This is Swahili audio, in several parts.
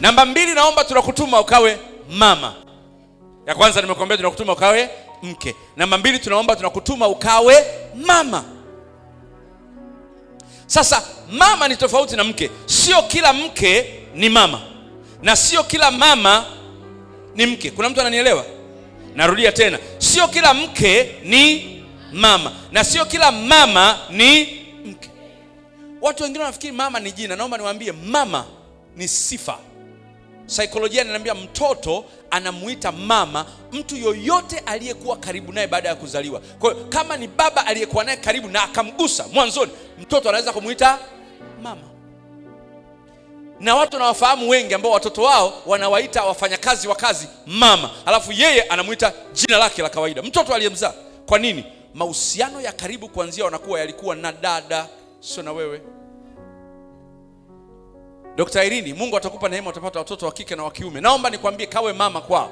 Namba mbili, naomba tunakutuma ukawe mama. Ya kwanza nimekuambia tunakutuma ukawe mke. Namba mbili, tunaomba tunakutuma ukawe mama. Sasa mama ni tofauti na mke. Sio kila mke ni mama na sio kila mama ni mke. Kuna mtu ananielewa? Narudia tena, sio kila mke ni mama na sio kila mama ni mke. Watu wengine wanafikiri mama ni jina. Naomba niwaambie, mama ni sifa. Saikolojia inaniambia mtoto anamuita mama mtu yoyote aliyekuwa karibu naye baada ya kuzaliwa. Kwa hiyo kama ni baba aliyekuwa naye karibu na akamgusa mwanzoni, mtoto anaweza kumuita mama. Na watu wanawafahamu wengi ambao watoto wao wanawaita wafanyakazi wa kazi mama, alafu yeye anamuita jina lake la kawaida, mtoto aliyemzaa. Kwa nini? Mahusiano ya karibu kuanzia wanakuwa yalikuwa na dada, sio na wewe. Dr. Irene, Mungu atakupa neema, utapata watoto wa kike na wa kiume. Naomba nikwambie, kawe mama kwao.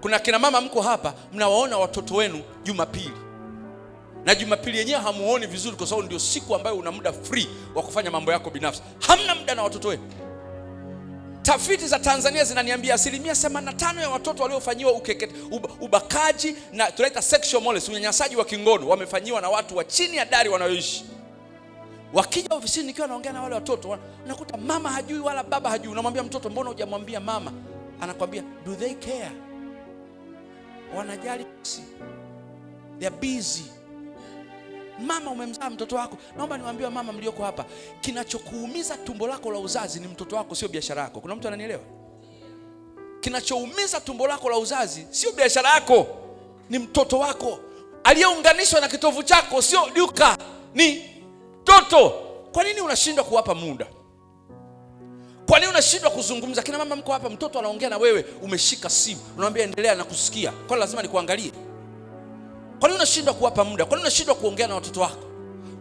Kuna kina mama mko hapa, mnawaona watoto wenu Jumapili na Jumapili yenyewe hamuoni vizuri, kwa sababu ndio siku ambayo una muda free wa kufanya mambo yako binafsi. Hamna muda na watoto wenu. Tafiti za Tanzania zinaniambia asilimia 85 ya watoto waliofanyiwa ukeketa, ubakaji na tunaita sexual molest, unyanyasaji wa kingono wamefanyiwa na watu wa chini ya dari wanayoishi Wakija ofisini nikiwa naongea na wale watoto, nakuta mama hajui wala baba hajui. Unamwambia mtoto, mbona hujamwambia mama? Anakwambia do they care? Wanajali? They are busy. Mama, umemzaa mtoto wako. Naomba niwaambie mama mlioko hapa, kinachokuumiza tumbo lako la uzazi ni mtoto wako, sio biashara yako. Kuna mtu ananielewa? Kinachoumiza tumbo lako la uzazi sio biashara yako, ni mtoto wako aliyeunganishwa na kitovu chako, sio duka, ni mtoto. Kwa nini unashindwa kuwapa muda? Kwa nini unashindwa kuzungumza? Kina mama mko hapa, mtoto anaongea na wewe, umeshika simu, unamwambia endelea na kusikia. Kwa nini lazima nikuangalie? Kwa nini unashindwa kuwapa muda? Kwa nini unashindwa kuongea na watoto wako?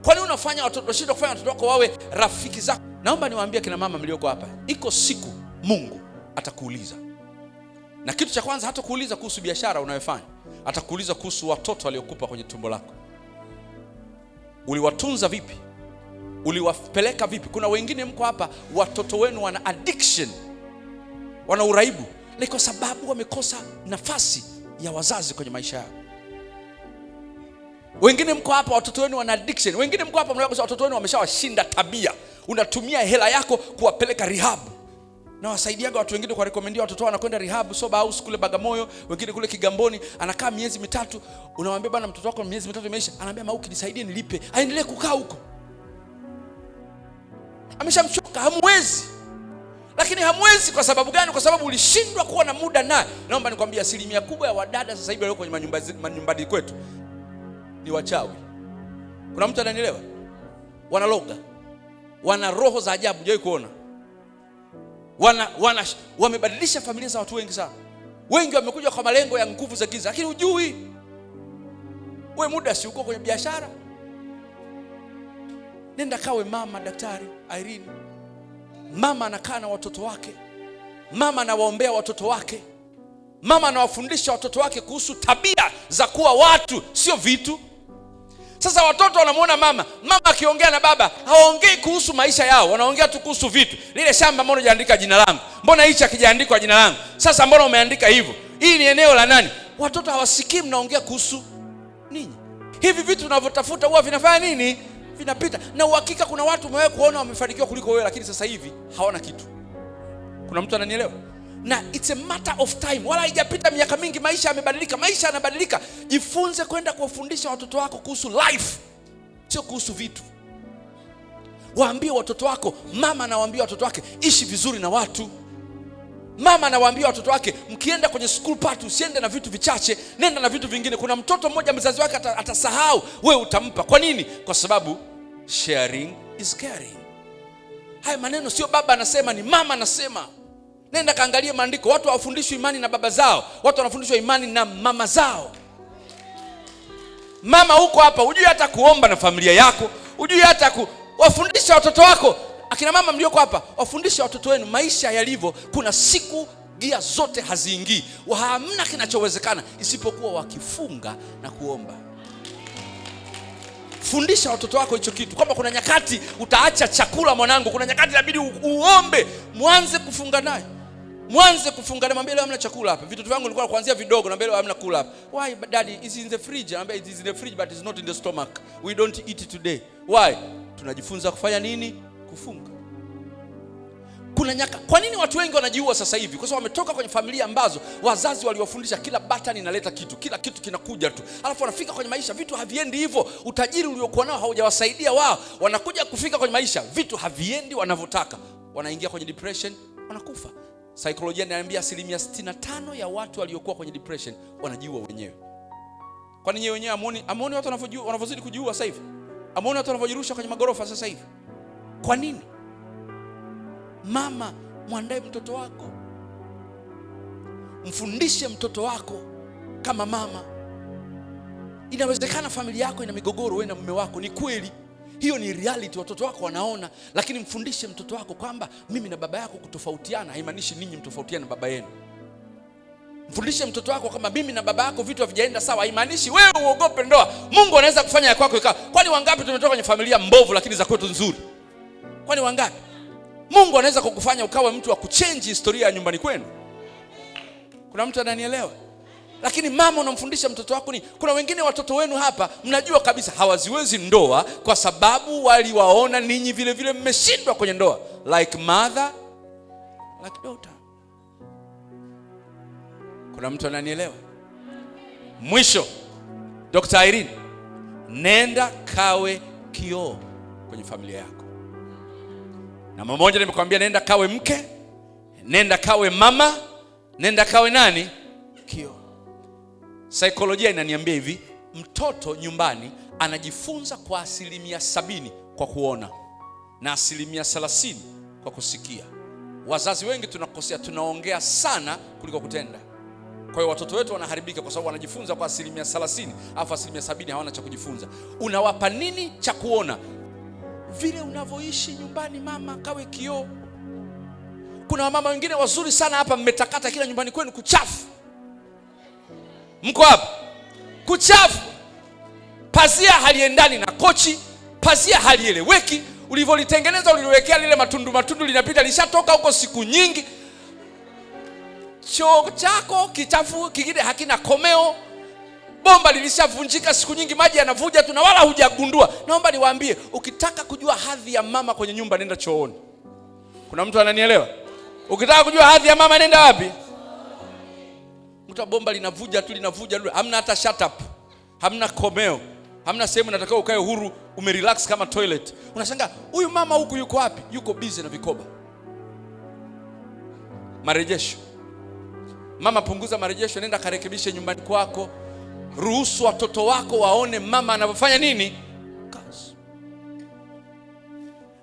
Kwa nini unafanya watoto unashindwa kufanya watoto wako wawe rafiki zako? Naomba niwaambie kina mama mlioko hapa, iko siku Mungu atakuuliza, na kitu cha kwanza hata kuuliza kuhusu biashara unayofanya, atakuuliza kuhusu watoto aliokupa kwenye tumbo lako, uliwatunza vipi? uliwapeleka vipi? Kuna wengine mko hapa, watoto wenu wana addiction, wana uraibu, ni kwa sababu wamekosa nafasi ya wazazi kwenye maisha yao. Wengine mko hapa, watoto wenu wana addiction. Wengine mko hapa, mnaona watoto wenu wameshawashinda tabia, unatumia hela yako kuwapeleka rehab na wasaidiaga watu wengine kwa rekomendia watoto wao wanakwenda rehab soba house kule Bagamoyo, wengine kule Kigamboni, anakaa miezi mitatu. Unamwambia bana mtoto wako miezi mitatu imeisha, anaambia Mauki, nisaidie nilipe, aendelee kukaa huko ameshamchoka, hamwezi. Lakini hamwezi kwa sababu gani? Kwa sababu ulishindwa kuwa na muda naye. Naomba nikwambie, asilimia kubwa ya wadada sasa hivi walio kwenye manyumbani kwetu ni wachawi. Kuna mtu ananielewa? Wanaloga, wana roho za ajabu, jawai kuona wana, wana, wamebadilisha familia za watu wengi sana. Wengi wamekuja kwa malengo ya nguvu za giza, lakini hujui we muda si uko kwenye biashara Nenda kawe mama daktari Irene. Mama anakaa na watoto wake, mama anawaombea watoto wake, mama anawafundisha watoto wake kuhusu tabia za kuwa watu, sio vitu. Sasa watoto wanamwona mama, mama akiongea na baba hawaongei kuhusu maisha yao, wanaongea tu kuhusu vitu. Lile shamba, mbona hujaandika jina langu? Mbona hichi hakijaandikwa jina langu? Sasa mbona umeandika hivyo? Hii ni eneo la nani? Watoto hawasikii mnaongea kuhusu ninyi. Hivi vitu tunavyotafuta huwa vinafanya nini? vinapita, na uhakika kuna watu umewahi kuona wamefanikiwa kuliko wewe, lakini sasa hivi hawana kitu. Kuna mtu ananielewa? Na it's a matter of time, wala haijapita miaka mingi. Maisha yamebadilika, maisha yanabadilika. Jifunze kwenda kuwafundisha watoto wako kuhusu life, sio kuhusu vitu. Waambie watoto wako, mama anawaambia watoto wake, ishi vizuri na watu. Mama anawaambia watoto wake, mkienda kwenye school party usiende na vitu vichache, nenda na vitu vingine. Kuna mtoto mmoja mzazi wake atasahau, wewe utampa. Kwa nini? Kwa sababu Sharing is caring. Haya maneno sio baba anasema, ni mama anasema. Nenda kaangalie maandiko. Watu hawafundishwi imani na baba zao, watu wanafundishwa imani na mama zao. Mama huko hapa, hujui hata kuomba na familia yako, hujui hata ku... wafundisha watoto wako. Akina mama mlioko hapa, wafundisha watoto wenu maisha yalivyo. Kuna siku gia zote haziingii, hamna kinachowezekana isipokuwa wakifunga na kuomba fundisha watoto wako hicho kitu, kwamba kuna nyakati utaacha chakula, mwanangu, kuna nyakati inabidi uombe, mwanze kufunga naye mwanze kufunga na mwambie leo hamna chakula hapa. Vitoto vyangu nilikuwa kuanzia vidogo na mbele hamna kula hapa. Why daddy is in the fridge? Anambia it is in the fridge but it's not in the stomach. We don't eat today. Why? Tunajifunza kufanya nini? Kufunga. Kuna nyaka. Kwa nini watu wengi wanajiua sasa hivi? Kwa sababu wametoka kwenye familia ambazo wazazi waliwafundisha kila batani inaleta kitu, kila kitu kinakuja tu, alafu wanafika kwenye maisha vitu haviendi hivyo. Utajiri uliokuwa nao haujawasaidia wao, wanakuja kufika kwenye maisha vitu haviendi wanavyotaka, wanaingia kwenye depression, wanakufa. Saikolojia inaambia asilimia 65 ya watu waliokuwa kwenye depression wanajiua wenyewe. kwa nyewe wenyewe amuoni, amuoni watu wanavyozidi kujiua sasa hivi? Amuoni watu wanavyojirusha kwenye magorofa sasa hivi? Kwa nini? Mama, mwandae mtoto wako, mfundishe mtoto wako kama mama. Inawezekana familia yako ina migogoro, wewe na mume wako, ni kweli hiyo ni reality, watoto wako wanaona, lakini mfundishe mtoto wako kwamba mimi na baba yako kutofautiana haimaanishi ninyi mtofautiane na baba yenu. Mfundishe mtoto wako kwamba mimi na baba yako vitu havijaenda sawa, haimaanishi wewe uogope ndoa. Mungu anaweza kufanya ya kwako ikawa. Kwani wangapi tumetoka kwenye familia mbovu, lakini za kwetu nzuri? Kwani wangapi? Mungu anaweza kukufanya ukawe mtu wa kuchenji historia ya nyumbani kwenu. Kuna mtu ananielewa? Lakini mama, unamfundisha mtoto wako ni, kuna wengine watoto wenu hapa mnajua kabisa hawaziwezi ndoa kwa sababu waliwaona ninyi vile vile mmeshindwa kwenye ndoa, like mother like daughter. Kuna mtu ananielewa? Mwisho, Dr. Irene, nenda kawe kioo kwenye familia yako na mmoja nimekwambia, nenda kawe mke, nenda kawe mama, nenda kawe nani, kio. Saikolojia inaniambia hivi, mtoto nyumbani anajifunza kwa asilimia sabini kwa kuona na asilimia thelathini kwa kusikia. Wazazi wengi tunakosea, tunaongea sana kuliko kutenda. Kwa hiyo watoto wetu wanaharibika kwa sababu wanajifunza kwa asilimia thelathini, alafu asilimia sabini hawana cha kujifunza. Unawapa nini cha kuona? vile unavyoishi nyumbani, mama, kawe kioo. Kuna wamama wengine wazuri sana hapa, mmetakata kila nyumbani kwenu kuchafu. Mko hapa kuchafu, pazia haliendani na kochi, pazia halieleweki. Ulivyolitengeneza uliliwekea lile matundu matundu, linapita lishatoka huko siku nyingi. Choo chako kichafu, kingine hakina komeo bomba lilishavunjika siku nyingi, maji yanavuja tu na wala hujagundua. Naomba niwaambie, ukitaka kujua hadhi ya mama kwenye nyumba, nenda chooni. Kuna mtu ananielewa? Ukitaka kujua hadhi ya mama, nenda wapi? bomba linavuja tu, linavuja tu, hamna hata shut up, hamna komeo, hamna sehemu natakiwa ukae huru, umerelax kama toilet. unashanga huyu mama huku yuko wapi? Yuko busy na vikoba. Marejesho mama, punguza marejesho, nenda karekebishe nyumbani kwako ruhusu watoto wako waone mama anavyofanya nini kazi.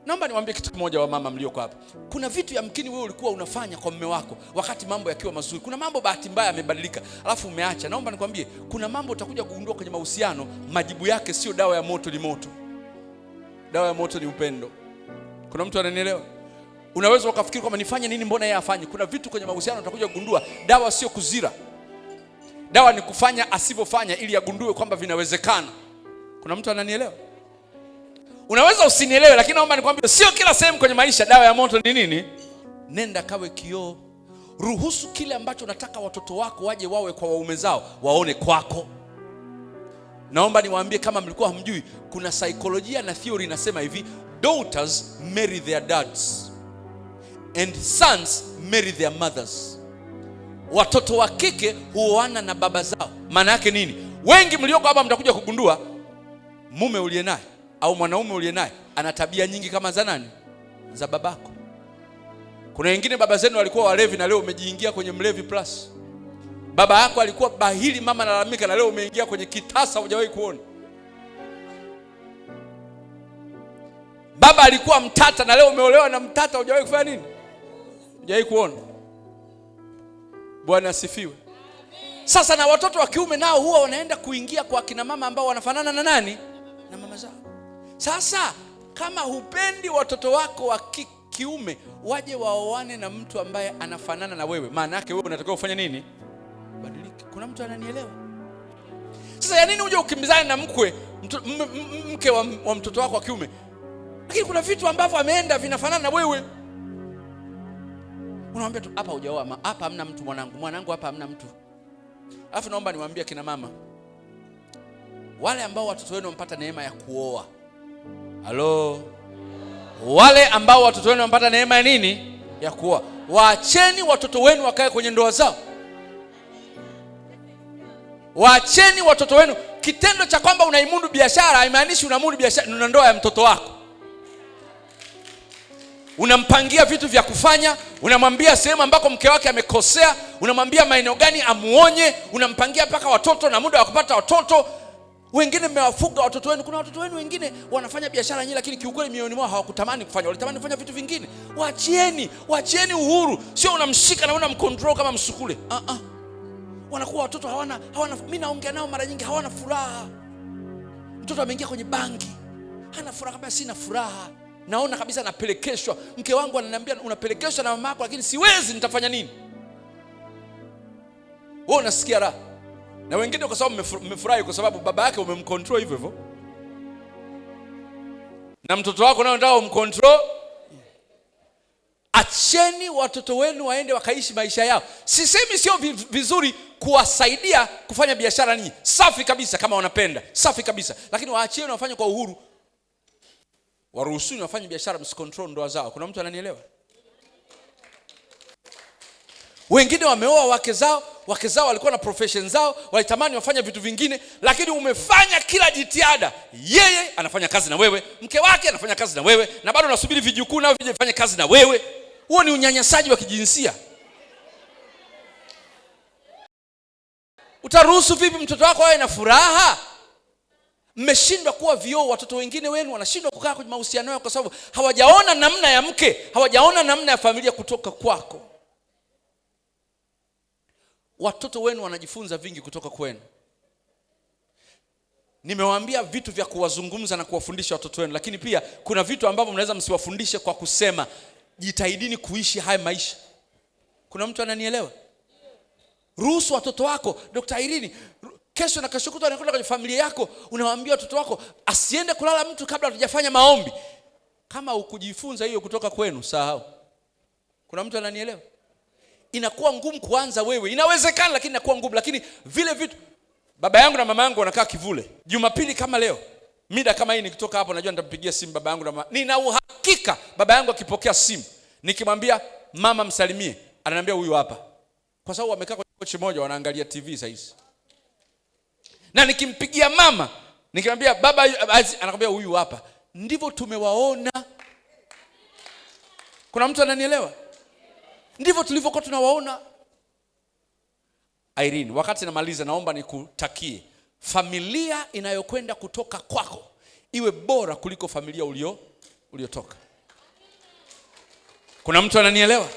Naomba niwaambie kitu kimoja, wa mama mlioko hapa, kuna vitu yamkini wewe ulikuwa unafanya kwa mume wako wakati mambo yakiwa mazuri. Kuna mambo bahati mbaya yamebadilika, alafu umeacha. Naomba nikwambie, kuna mambo utakuja kugundua kwenye mahusiano, majibu yake sio dawa ya moto, ni moto. Dawa ya moto ni upendo. Kuna mtu ananielewa? Unaweza ukafikiri kwamba nifanye nini, mbona yeye afanye. Kuna vitu kwenye mahusiano utakuja kugundua dawa sio kuzira Dawa ni kufanya asivyofanya, ili agundue kwamba vinawezekana. Kuna mtu ananielewa? Unaweza usinielewe, lakini naomba nikwambie, sio kila sehemu kwenye maisha dawa ya moto ni nini. Nenda kawe kioo, ruhusu kile ambacho unataka watoto wako waje wawe kwa waume zao, waone kwako. Naomba niwaambie, kama mlikuwa hamjui, kuna saikolojia na theory inasema hivi, daughters marry their dads and sons marry their mothers watoto wa kike huoana na baba zao. Maana yake nini? Wengi mlioko hapa mtakuja kugundua mume uliye naye au mwanaume uliye naye ana tabia nyingi kama za nani? Za babako. Kuna wengine baba zenu walikuwa walevi na leo umejiingia kwenye mlevi plus. Baba yako alikuwa bahili, mama nalalamika, na leo umeingia kwenye kitasa hujawahi kuona. Baba alikuwa mtata na leo umeolewa na mtata, hujawahi kufanya nini? Hujawahi kuona. Bwana asifiwe. Sasa na watoto wa kiume nao huwa wanaenda kuingia kwa kina mama ambao wanafanana na nani? Na mama zao. Sasa kama hupendi watoto wako wa kiume waje waoane na mtu ambaye anafanana na wewe, maana yake wewe unatakiwa kufanya nini? Badilike. Kuna mtu ananielewa? Sasa ya nini uje ukimbizane na mkwe mke wa, wa mtoto wako wa kiume, lakini kuna vitu ambavyo ameenda vinafanana na wewe unamwambia tu hapa hujaoa, hapa hamna mtu mwanangu, mwanangu hapa hamna mtu. Alafu naomba niwaambie kina mama wale ambao watoto wenu wamepata neema ya kuoa, halo, wale ambao watoto wenu wamepata neema ya nini, ya kuoa, waacheni watoto wenu wakae kwenye ndoa zao. Waacheni watoto wenu. Kitendo cha kwamba unaimundu biashara haimaanishi unaimundu biashara una ndoa ya mtoto wako unampangia vitu vya kufanya, unamwambia sehemu ambako mke wake amekosea, unamwambia maeneo gani amuonye, unampangia mpaka watoto na muda wa kupata watoto. Wengine mmewafuga watoto wenu. Kuna watoto wenu wengine wanafanya biashara nyingi, lakini kiukweli mioyoni mwao hawakutamani kufanya, walitamani kufanya vitu vingine. wachieni wachieni uhuru, sio unamshika na unamcontrol kama msukule. uh -uh. Wanakuwa watoto hawana, hawana, mimi naongea nao mara nyingi, hawana furaha. Mtoto ameingia kwenye bangi, hana furaha kabisa, sina furaha naona kabisa napelekeshwa. Mke wangu ananiambia unapelekeshwa na mama yako, lakini siwezi, nitafanya nini? Wewe unasikia raha, na wengine kwa sababu mmefurahi, kwa sababu baba yake umemcontrol hivyo hivyo, na mtoto wako naye unataka umcontrol. Acheni watoto wenu waende wakaishi maisha yao. Sisemi sio vizuri kuwasaidia kufanya biashara, ninyi safi kabisa, kama wanapenda safi kabisa, lakini waachieni wafanye kwa uhuru Waruhusuni wafanye biashara, msikontrol ndoa zao. Kuna mtu ananielewa? Wengine wameoa wake zao, wake zao walikuwa na profession zao, walitamani wafanya vitu vingine, lakini umefanya kila jitihada. Yeye anafanya kazi na wewe, mke wake anafanya kazi na wewe, na bado unasubiri vijukuu nao vije kazi na wewe. Huo ni unyanyasaji wa kijinsia. Utaruhusu vipi mtoto wako awe na furaha? mmeshindwa kuwa vioo. Watoto wengine wenu wanashindwa kukaa kwenye mahusiano yao kwa sababu hawajaona namna ya mke, hawajaona namna ya familia kutoka kwako. Watoto wenu wanajifunza vingi kutoka kwenu. Nimewaambia vitu vya kuwazungumza na kuwafundisha watoto wenu, lakini pia kuna vitu ambavyo mnaweza msiwafundishe kwa kusema. Jitahidini kuishi haya maisha. Kuna mtu ananielewa? Ruhusu watoto wako Dr. Irene, kesho na kesho kutwa anakwenda kwenye familia yako, unawaambia watoto wako asiende kulala mtu kabla hatujafanya maombi. Kama ukujifunza hiyo kutoka kwenu, sahau. Kuna mtu ananielewa? Inakuwa ngumu kuanza wewe, inawezekana, lakini inakuwa ngumu. Lakini vile vitu baba yangu na mama yangu wanakaa kivule. Jumapili kama leo mida kama hii nikitoka hapo, najua nitampigia simu baba yangu na mama. Nina uhakika baba yangu akipokea simu nikimwambia mama msalimie, ananiambia huyu hapa, kwa sababu wamekaa kwenye kochi moja, wanaangalia TV sasa na nikimpigia mama nikimwambia baba, anakwambia huyu hapa. Ndivyo tumewaona. Kuna mtu ananielewa? Ndivyo tulivyokuwa tunawaona. Irene, wakati namaliza, naomba nikutakie familia inayokwenda kutoka kwako iwe bora kuliko familia ulio uliotoka. Kuna mtu ananielewa?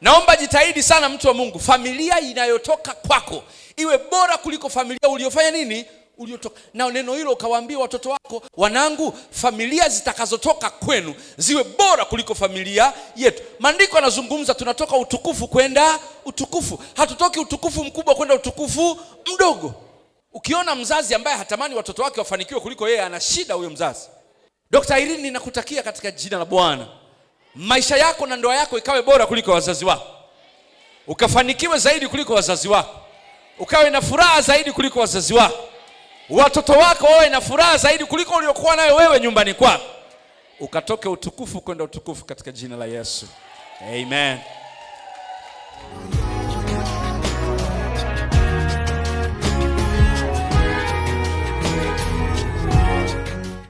Naomba jitahidi sana mtu wa Mungu, familia inayotoka kwako iwe bora kuliko familia uliyofanya nini, uliotoka na. Neno hilo ukawaambia watoto wako, wanangu, familia zitakazotoka kwenu ziwe bora kuliko familia yetu. Maandiko anazungumza tunatoka utukufu kwenda utukufu, hatutoki utukufu mkubwa kwenda utukufu mdogo. Ukiona mzazi ambaye hatamani watoto wake wafanikiwe kuliko yeye, ana shida huyo mzazi. Dr. Irene, ninakutakia katika jina la Bwana maisha yako na ndoa yako ikawe bora kuliko wazazi wako, ukafanikiwe zaidi kuliko wazazi wako, ukawe na furaha zaidi kuliko wazazi wako, watoto wako wawe na furaha zaidi kuliko uliokuwa nayo wewe nyumbani kwako, ukatoke utukufu kwenda utukufu katika jina la Yesu, amen.